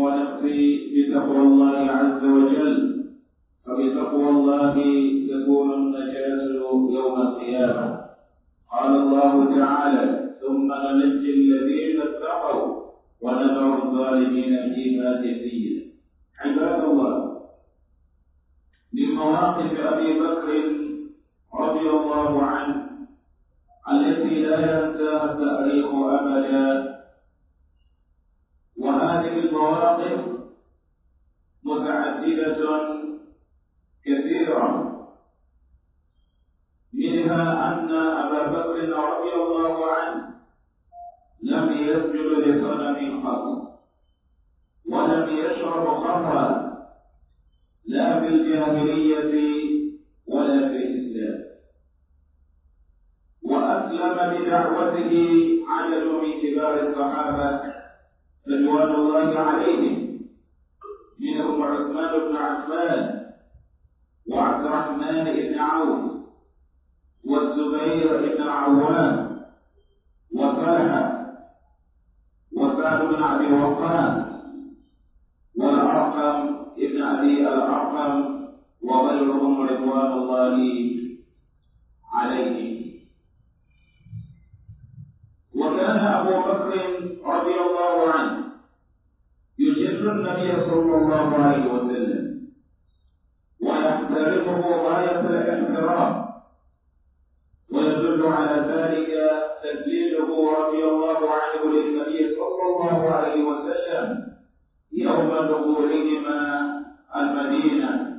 ونقضي بتقوى الله عز وجل فبتقوى الله تكون النجاة يوم القيامة قال الله تعالى ثم ننجي الذين اتقوا ونذر الظالمين فيما جثيا عباد الله من مواقف ابي بكر رضي الله عنه التي لا ينساها التاريخ ابدا مواقف متعددة كثيرة منها أن أبا بكر رضي الله عنه لم يسجد لصنم قط ولم يشرب خمرا لا في الجاهلية ولا في الإسلام وأسلم بدعوته عدد من كبار الصحابة رضوان الله عليهم منهم عثمان بن عفان وعبد الرحمن بن عوف والزبير بن عوام وطلحه وسعد بن ابي وقاص والارقم بن ابي الارقم وغيرهم رضوان الله عليهم وكان أبو بكر رضي الله عنه يسر النبي صلى الله عليه وسلم ويحترمه غاية الاحترام ويدل على ذلك تسليمه رضي الله عنه للنبي صلى الله عليه وسلم يوم دخولهما المدينه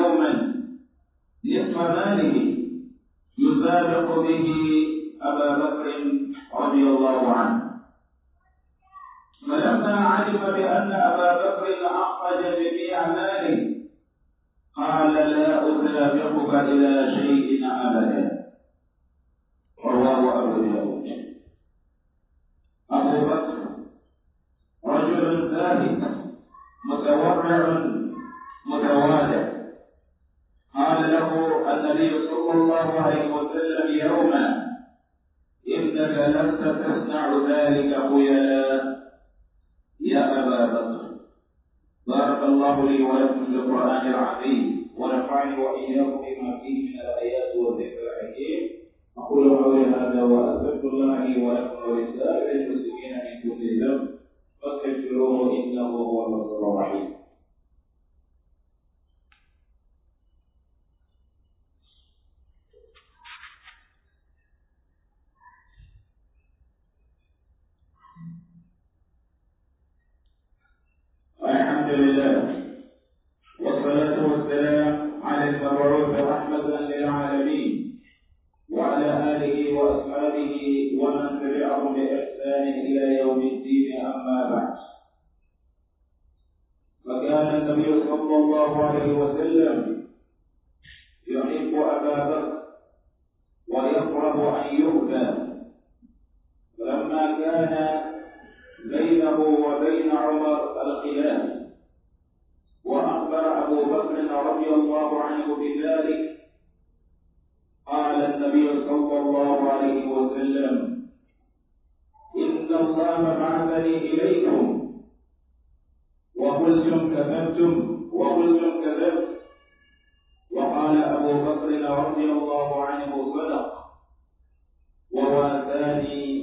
يوما ماله يسابق به أبا بكر رضي الله عنه فلما علم بأن أبا بكر عقد جميع ماله قال لا أسابقك إلى شيء أبدا رواه أبو داود أبو بكر رجل ثالث متورع هنالك خيلاء يا أبا بكر بارك الله لي ولكم في القرآن العظيم ونفعني وإياكم بما فيه من الآيات والذكر الحكيم أقول قولي هذا وأستغفر الله لي ولكم ولسائر المسلمين صلى الله عليه وسلم يحب أبا بكر ويكره أن يؤذى فلما كان بينه وبين عمر الخلاف وأخبر أبو بكر رضي الله عنه بذلك قال النبي صلى الله عليه وسلم إن الله بعثني إليكم وقلتم كذبتم ومنكذب وقال أبو بكر رضي الله عنه صدق وهو بماله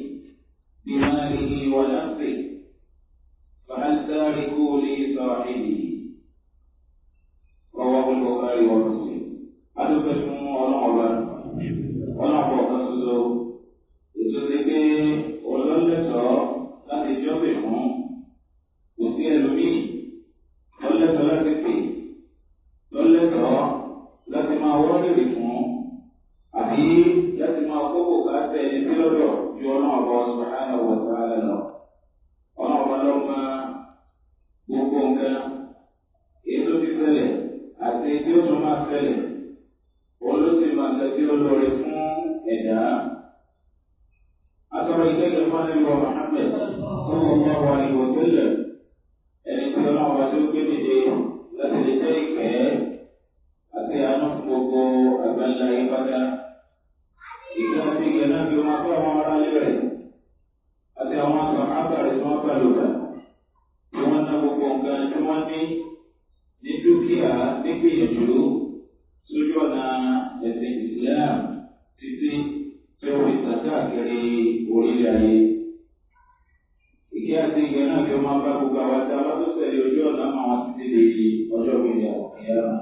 ونفسه فهل تاركوا لي صاحبه di ọjọ́ kejì àkọkẹ́yàrá.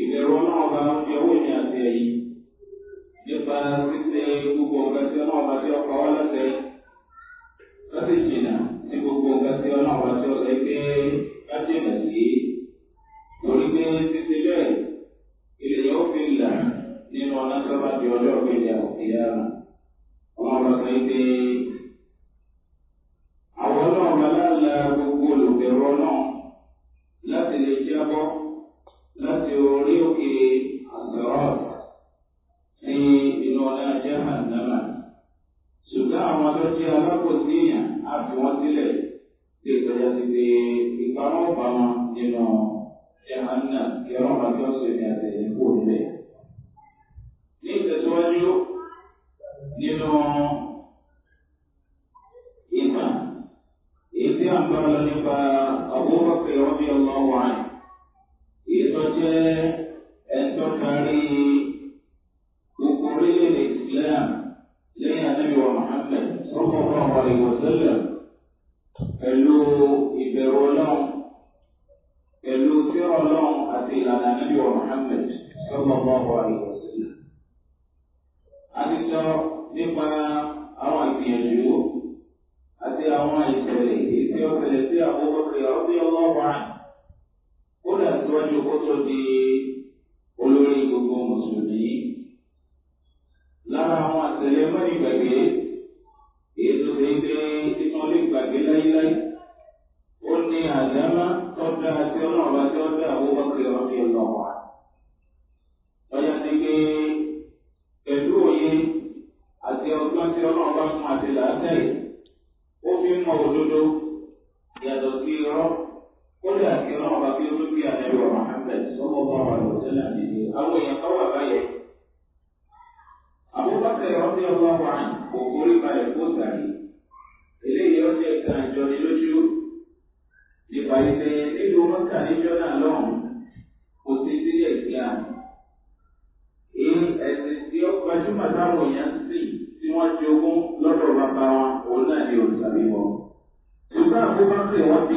Ìbẹ̀rù ọlọ́run bá ń fi owó ìrìn àti ẹ̀yìn nípa ṣíṣe gbogbo ọ̀gá tí ọlọ́run bá tí ọkọ̀ wá lọ́sẹ̀ jìnnà. gbàgbé eléyìí ó jẹ́ nǹkan ìjọni lójú nípa ìpè nílùú mọ́tà níjọ́ náà lọ́hùn kò sí sílẹ̀ sí à. èyí ẹ̀sìn tí ó gbajúmọ̀ táwọn èèyàn sì tí wọ́n ti ogún lọ́dọ̀ bàbá wọn òun náà ni òòtà bíbọ̀. ṣùgbọ́n àbúrò bá pè wọ́n ti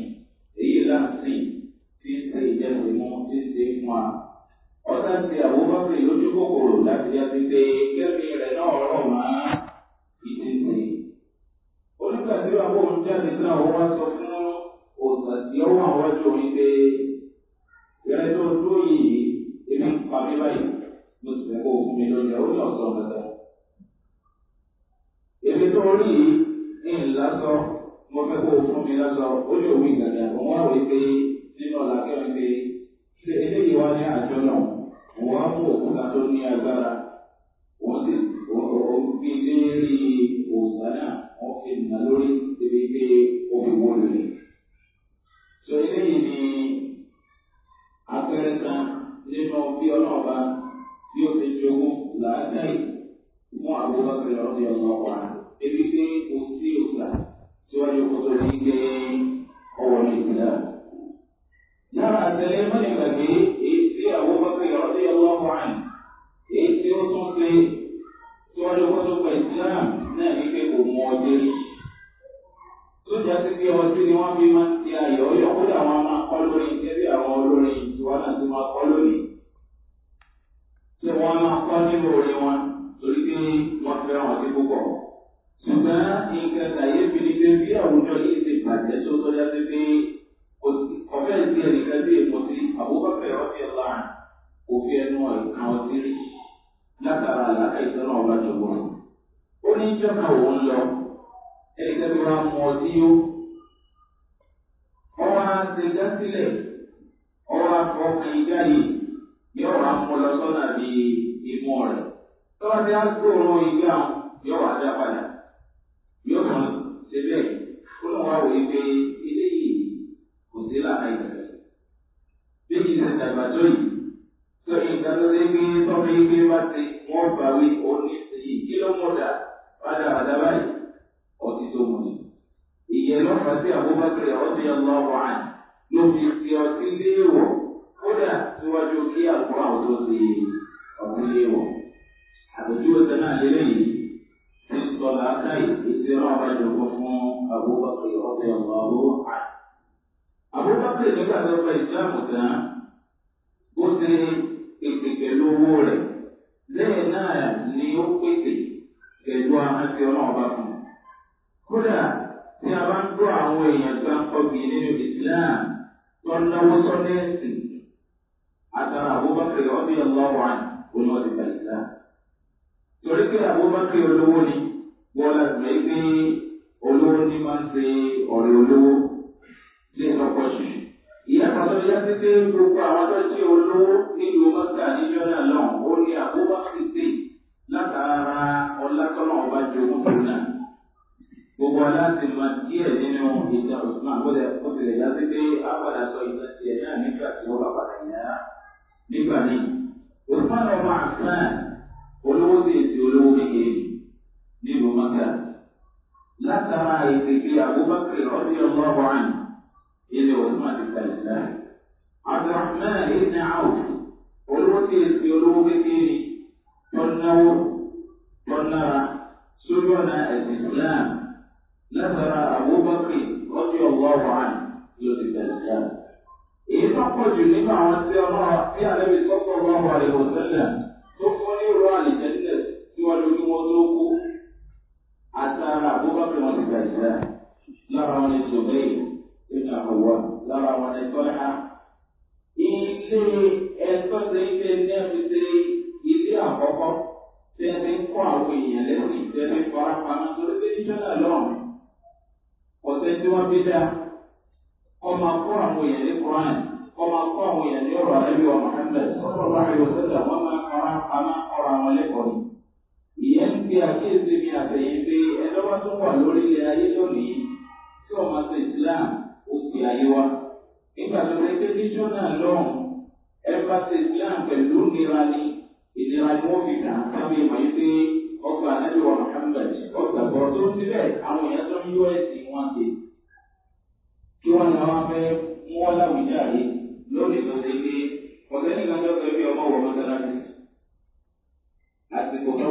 máa ń ṣe àwòbáfẹ́ lójú kòkòrò láti yá sí pé kẹ́mi rẹ̀ náà rọ̀ mọ́ ìdíje. onígbà tí wàá bò ń jáde náà wọ́n wá sọ fún òòtà tí ó wà wájú omi pé ìrẹ́ tó dúró yìí èmi ń pa mí báyìí mo sì fẹ́ kó fún mi lọ́jà ó ní ọ̀sán ọ̀dàdà. èmi tó rí yìí ní ìlàsọ mo fẹ́ kó fún mi lọ́sọ ó lè wí ìgbàgbà àwọn wá wí pé nínú ọ̀làkẹ́rin pé ṣe eléyìí wá ní àjọ náà wọ́n á mú òkúta tó ní agbára wọ́n sì wọ́n gbé lérí òòsàn náà wọ́n fi nà lórí débi pé ó fi kábíyèsí náà bá jogún rẹ̀. ó ní jọ́nà òun lọ ẹnìkan tó máa mú ọtí yó. ọwọ́ á ṣe dá sílẹ̀ ọwọ́ á fọ́ kan igá yìí yóò wá mú lọ sọ́nà bí imú rẹ̀. tọ́wọ́ tí a gbóòórùn igá yóò wá dá padà yóò mọ̀ ṣe bẹ́ẹ̀ kó lọ́n wá wòye pé eléyìí kò sí làákàyè. bí kìí ṣe dàgbà tó yìí tó nǹkan tó lé gbé tọ́mọ yín gbé bá ti wọ́n bá wí òní èyí kí ló mọ̀ dà rádaràdà báyìí ọtí tó mọ̀ ni. ìyẹn lọ́fà sí àbúbákẹ́ ọ̀dẹ́ ọlọ́wọ́ àn ló fi fi ọtí léèwọ̀ kódà síwájú kí àgbọ̀n àwọn tó ti ọtí léèwọ̀. àpèjúwe kan náà lélẹ́yìn ní sọlá káyì ètò ọba ìjọba fún àbúbákẹ́ ọ̀dẹ́ ọlọ́wọ́ àn. àbúbákẹ́ nígbà tó gba ìjáàmù tán Belohnung. nínú àwọn tí ọmọ bí àlẹ́bí sọ́kọ̀ ọmọ àlẹ́bí sẹ́lẹ̀. wọn lẹ́kọ̀ọ́ ni. ìyẹn ń fi àkíyèsí mi àtẹ̀yìn pé ẹlọ́wọ́ tó wà lórí ilẹ̀ ayé lónìí tí ọmọ ṣe islam ó ti ayé wa. nígbà tó fẹ́ pé níjọ́ náà lọ́hùn ẹ bá ṣe islam pẹ̀lú nira ni ìnira ni wọ́n fi kàn sábẹ́ ìmọ̀ yìí pé ọgbà anábìwọ̀n muhammed ọgbà bọ̀ tó ń síbẹ̀ àwọn èèyàn tó ń yọ ẹ̀sìn wọn ṣe kí wọ́n ní wọ́n fẹ́ mú wọn láwùjá yìí lórí ìtọ́jú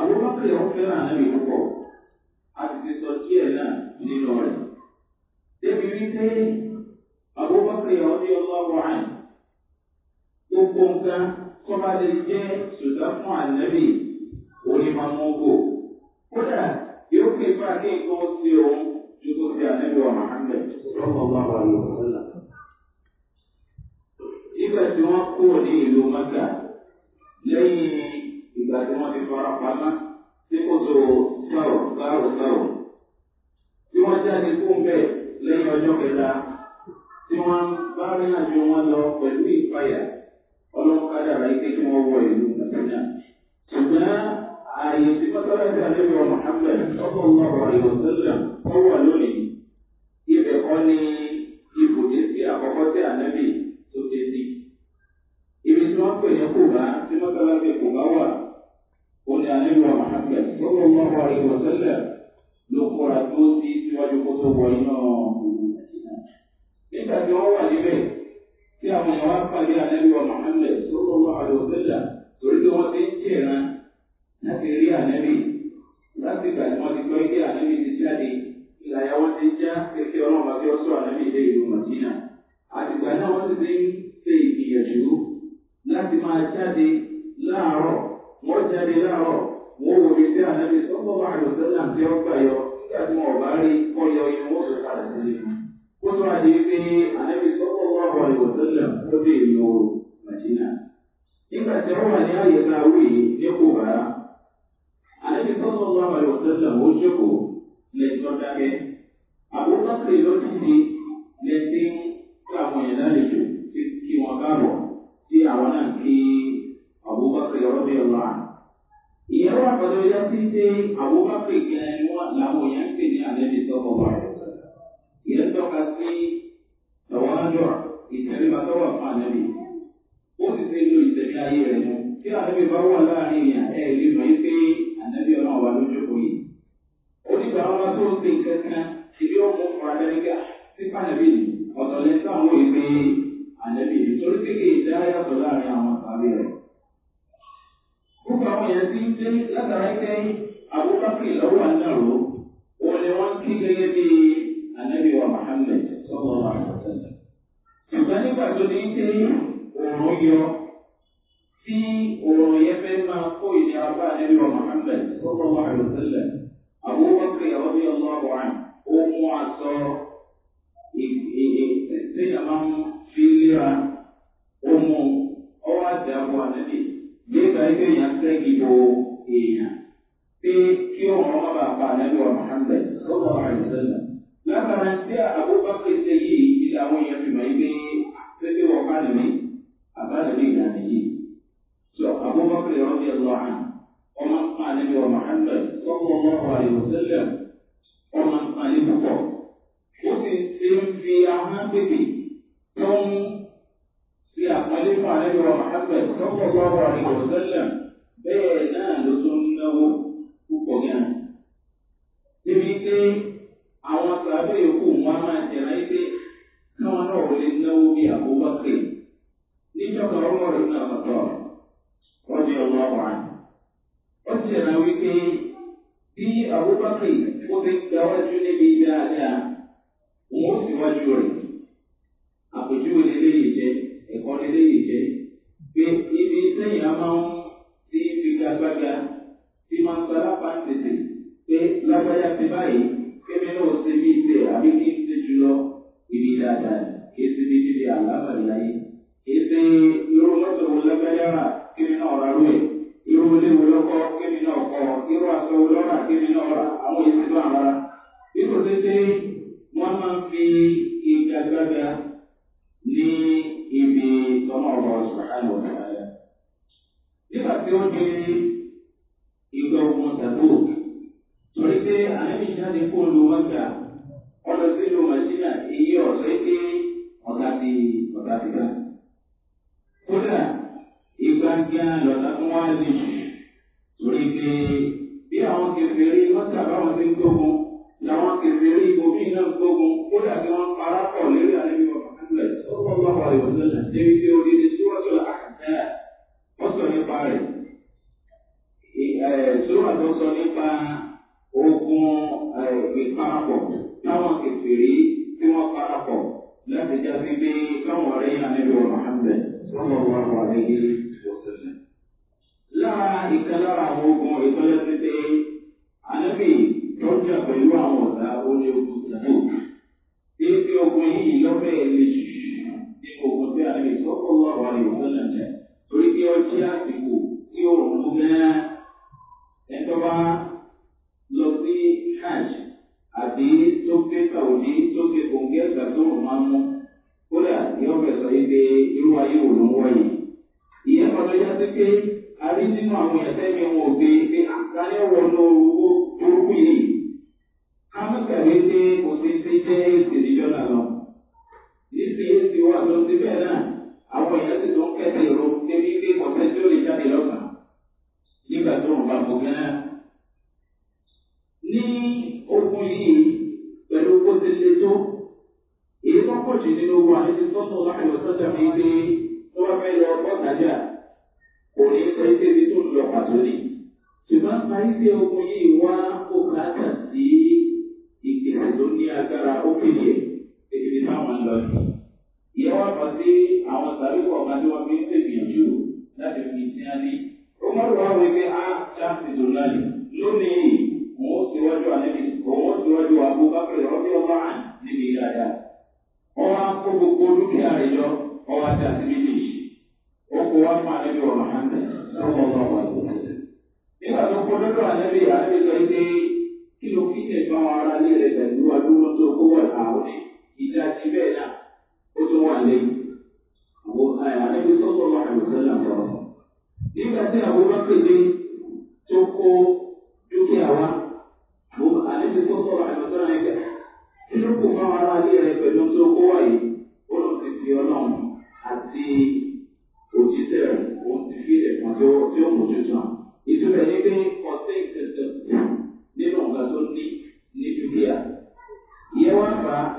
àwọn mọ́tò yẹn wọ́n fẹ́ràn ànábì púpọ̀ a sì ti sọ díẹ̀ náà nínú rẹ̀ débi wípé àbúkọ́kọ̀ yẹn wọ́n ní gbogbo nǹkan kọ́ba lè jẹ́ àlè òṣèlè ọmọ àlè púpọ̀ ó sì ṣe ń fi ahọ́n pèpè tó ń fi àpọ́nlé fún àlejò àpẹ tọ́pọ̀ lọ́wọ́ àlè òṣèlè bẹ́ẹ̀ náà ló tún náwó púpọ̀ gan. níbi pé àwọn sàbẹ̀ na wọn máa jẹ̀rọ bí àwòbákì ó fi gbàwájú níbi dáadáa òun ó sì wájú rẹ̀ àpèjúwe lélẹ́yìí jẹ́ ẹ̀kọ́ lélẹ́yìí jẹ́ pé ibi sẹ́yìn a máa ń ti figagbága tí máa ń sara pàǹtẹ̀tẹ̀ pé lágbájá ti báyìí kémi náà ṣe bí ìṣe àbí kí n ṣe jùlọ ibi dáadáa kì í ṣe bí níbi àlámọ̀láyé kì í ṣe lórúkọ tó lágbájá rà kémi náà rà lóye irú ilé wo lọ́kọ́ kémi náà kọ́ irú aṣọ wo lọ́rà kémi náà. Gracias.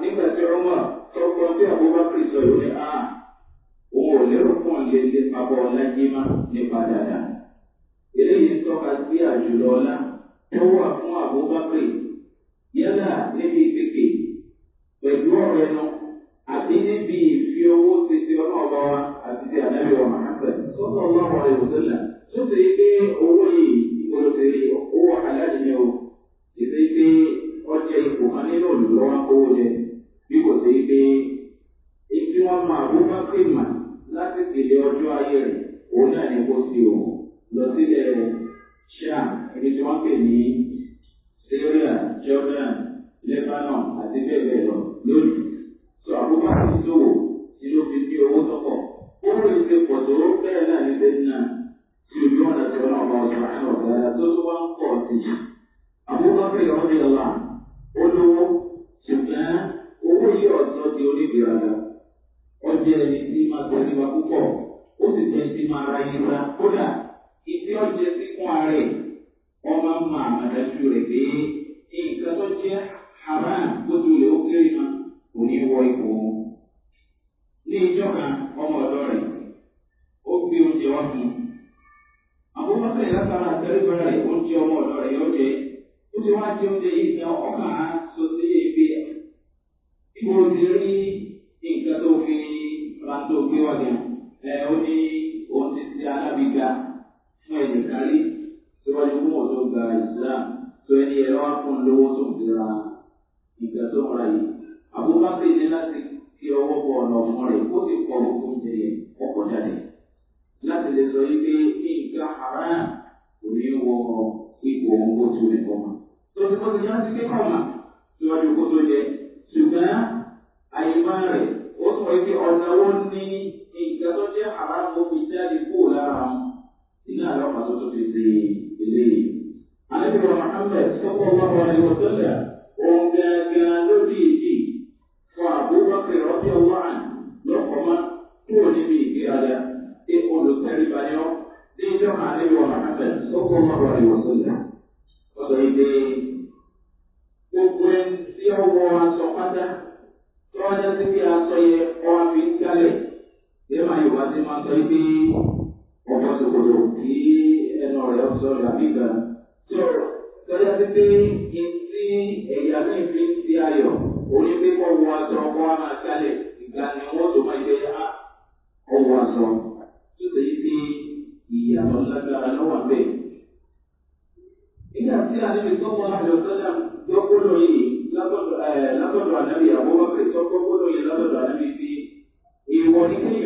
nígbà tí ọmọ tọkọ tí abubakar sọ yóò ní a ah, òun ò lérò fún ọ̀lẹ́ ilé pàbọ̀ ọ̀làjìmá nípa dáadáa. eléyìí ń tọ́ka sí àjùlọ ọlá tó wà fún abubakar yálà níbi ìpèkè pẹ̀lú ọ̀rọ̀ ẹnu àbí níbi ìfi owó títí ọlọ́ọ̀bá wa àti ti ànábì wa màhàfẹ́ sọ́kọ̀ ọlọ́ọ̀bá rẹ̀ wò sílẹ̀ tó ti rí pé owó yìí ìgbọ́dọ̀ ti rí owó àlá ipò kan nínú olùkọ́ wa kówó jẹ bí kò sí pé ibi wọn máa bó bá sì mà láti tìlẹ̀ ọjọ́ ayé rẹ̀ òun náà ni kò sí òun lọ sílẹ̀ ṣáà ibi tí wọ́n pè ní syria jordan lebanon àti bẹ́ẹ̀ bẹ́ẹ̀ lọ lónìí sọ àbúkọ́ sòwò tí ló fi bí owó tọkọ̀ owó ìṣe pọ̀ tó bẹ́ẹ̀ náà ní bẹ́ẹ̀ náà tí ojú ọ̀nà wọn náà bá wọn sọ ọ̀gá tó tó wá ń pọ̀ sí i àbúkọ́ pè lọ́wọ́ ọ̀la. قل the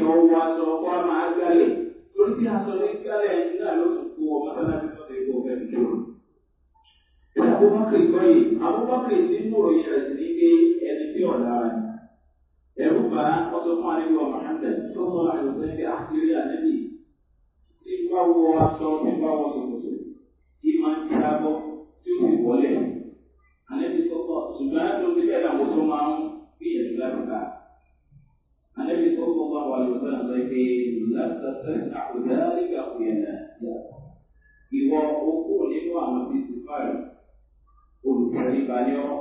lọ atọ aṣọ wá ya ndị anyị. tí ọ̀la sọ ní àkírí ànẹ́bì tí bá wọ aṣọ tí bá wọ sòkòtò tí máa ń jábọ́ tí ó sì wọlé ànẹ́bì ìwọ̀sán sọ pé lásìkò àkùdá nígbà kò yẹn náà. Ìwọ okó nínú àwọn fífi fáìlì olùtẹ̀ríba ní ọ́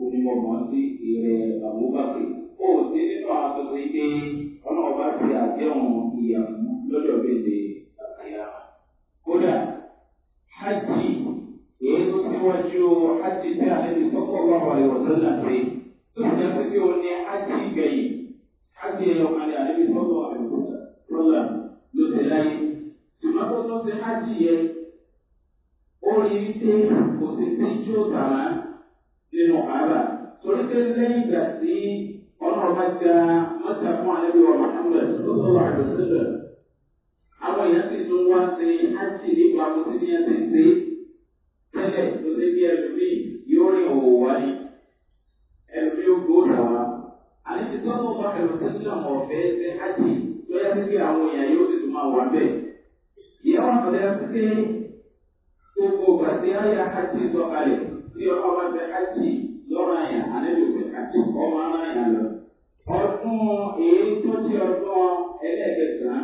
onímọ̀mọ́ sí ìrẹ̀ àbúgbàpè. Ó sí nínú àwọn tó yẹn ó rí osisi pé kò sí sí tí ó tà á nínú wàhálà torí ga mọ́tà fún àlejò ọ̀rọ̀ hamlet ló sọ wà lọ́sílẹ̀ àwọn èèyàn sì tún wá sí ájì nípa mo ti ní ẹsẹ̀ ṣe tẹ́lẹ̀ tó ṣe bí ẹlòmíì yóò rìn òwò wáyé ẹlòmíì ó gbó tàwa àní ti tọ́jú kí àwọn ọ̀dẹ́ pípé gbogbo gbàdé ayé àti ìsọ̀kalẹ̀ tí ọba bẹ àti lọ́rọ̀ àyà àlejòfẹ́ àti ọmọ aráyà lọ. ọdún èyí tó ti ọdún ẹlẹ́gbẹ̀sán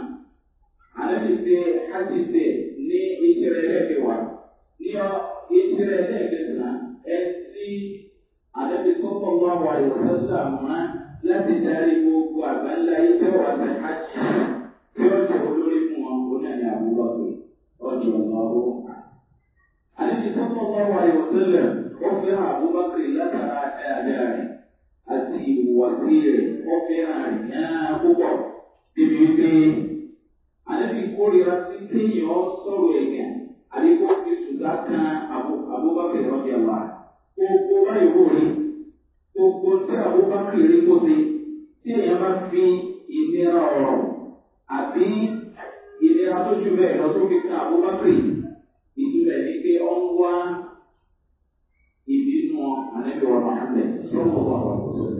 àlejòfẹ́ àti ìsẹ̀ ní ìṣẹ̀lẹ̀ ẹlẹ́gbẹ̀wá ní ìṣẹ̀lẹ̀ ẹlẹ́gbẹ̀sán ẹtí àlejòfẹ́ kọ́kọ́ wà wà ìwọ̀sán sàmúná láti darí gbogbo àgbáńlá yìí tẹ́wọ̀ àti àjẹ́. sallallahu alaihi wasallam ó fẹ́ràn Abubakar látara dáadáa rẹ̀ àti ìwàsí rẹ̀ ó fẹ́ràn yáà púpọ̀ débi wípé àdébí kórìíra sí téèyàn sọ̀rọ̀ ẹ̀yàn àdébí ó fi Abubakar rọ́jà wá gbogbo báyìí tí Abubakar ti tí bá fi àbí tó ju lọ tó fi Abubakar yìí. wá ìbínú àlejò ọ̀rọ̀ àmì lọ́wọ́ ọ̀rọ̀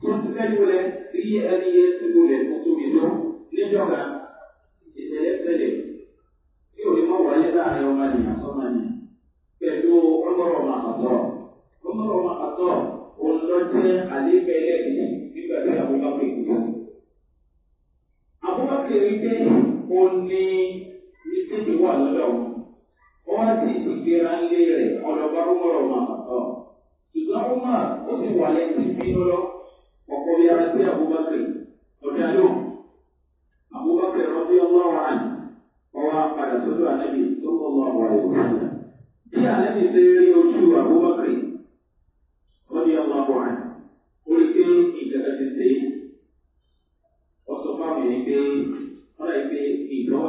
tó ti fẹ́ lulẹ̀ rí ẹni yẹn ti lulẹ̀ tó tóbi tó níjọba ìṣẹ̀lẹ̀ fẹ́lẹ̀ tí ò ní mọ̀ wáyé láàrin ọmọ ènìyàn sọ́mọ ni pẹ̀lú ọlọ́rọ̀ màkàtọ̀ ọlọ́rọ̀ màkàtọ̀ òun lọ jẹ́ àlékẹ́ ẹlẹ́gbẹ̀ẹ́ nígbà tí àbúkà pè kú. àbúkà pè rí pé òun ní ní tètè wà lọ́dọ̀ wọn wọ́n sì ti gbéra ńlé rẹ̀ ọlọ́gbà rúmọ̀rọ̀ màmá ọ̀. ṣùgbọ́n ó mà ó sì wà lẹ́yìn tí bínú lọ ọkọ̀ yára sí abubakar ọ̀dà ló abubakar rọ́bí ọlọ́run àná ọwọ́ apàdà sọ́dọ̀ ànábì tó kọ́ lọ àwọn àìsàn náà. bí ànábì ṣe rí ojú abubakar rọ́bí ọlọ́run àná ó rí pé ìjọba ti ṣe ọsọ fáwọn yẹn pé wọ́n rà pé ìjọba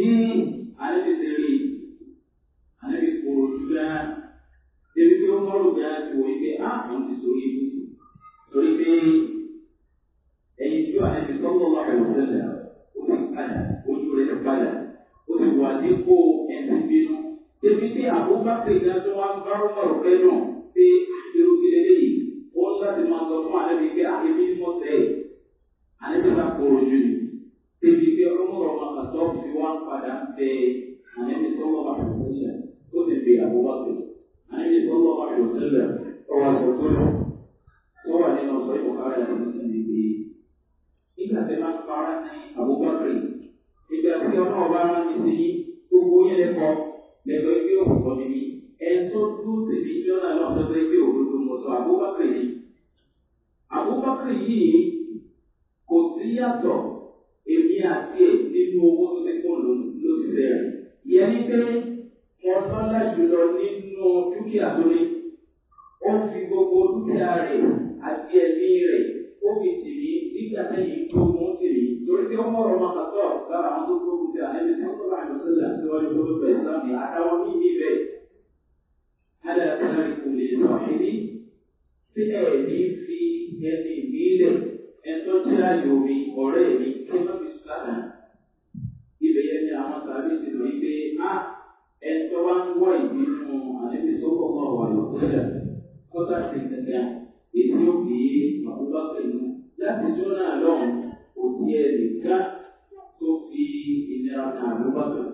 nínú àlejò tẹ̀lé àlejò kòrò dúdá tẹ̀lé pé ó mọ́rò bí a ti wọ̀ yí pé á kàn ti sórí ibú torí pé ẹ̀yin tí àlejò tọ́lọ́ wà pẹ̀lú sẹ́lẹ̀ ó ti padà ojú rẹ̀ ti padà ó ti wà dípò ẹ̀sìn bínú. Ebi tí àbúgbà pè dájọ́ wá bá rọ́mọ̀rọ̀ fẹ́ náà. yíyàtọ̀ èmi àti ẹ̀ nínú owó tó ti kún ló ti rẹ̀. Ìyẹn ní pé ẹ̀fọ́ láti lọ nínú dúkìá tó ní. Ó fi gbogbo dúkìá rẹ̀ àti ẹ̀mí rẹ̀ ó fi tì mí nígbà tẹ́yìn tó mú tì mí. Torí pé ọmọ ọ̀rọ̀ máa kàtọ̀ lára àwọn tó gbógun ti àlejò tó tó láàrin sílẹ̀ àti wọ́n ní gbogbo ẹ̀ àtàwọn ní ìbí rẹ̀. Hálà ẹ̀fọ́ láti kò lè tí ẹ̀mí fi ẹni ìbí ẹni tó jẹ́ àyò mi ọ̀rẹ́ mi tó lọ́ fi sùn lánàá. ibẹ̀ yẹn ni àwọn sàbí ti lò wípé a ẹni tó wá ń wọ ìbínú àdébí tó kọ̀ mọ́ wà ló kúrẹ́ kọ́tà sí gẹ́gẹ́ èyí ó fi àbúrò pẹ̀lú láti jó náà òbí ẹ̀ nìkan tó fi ìnira kan àbúrò pẹ̀lú.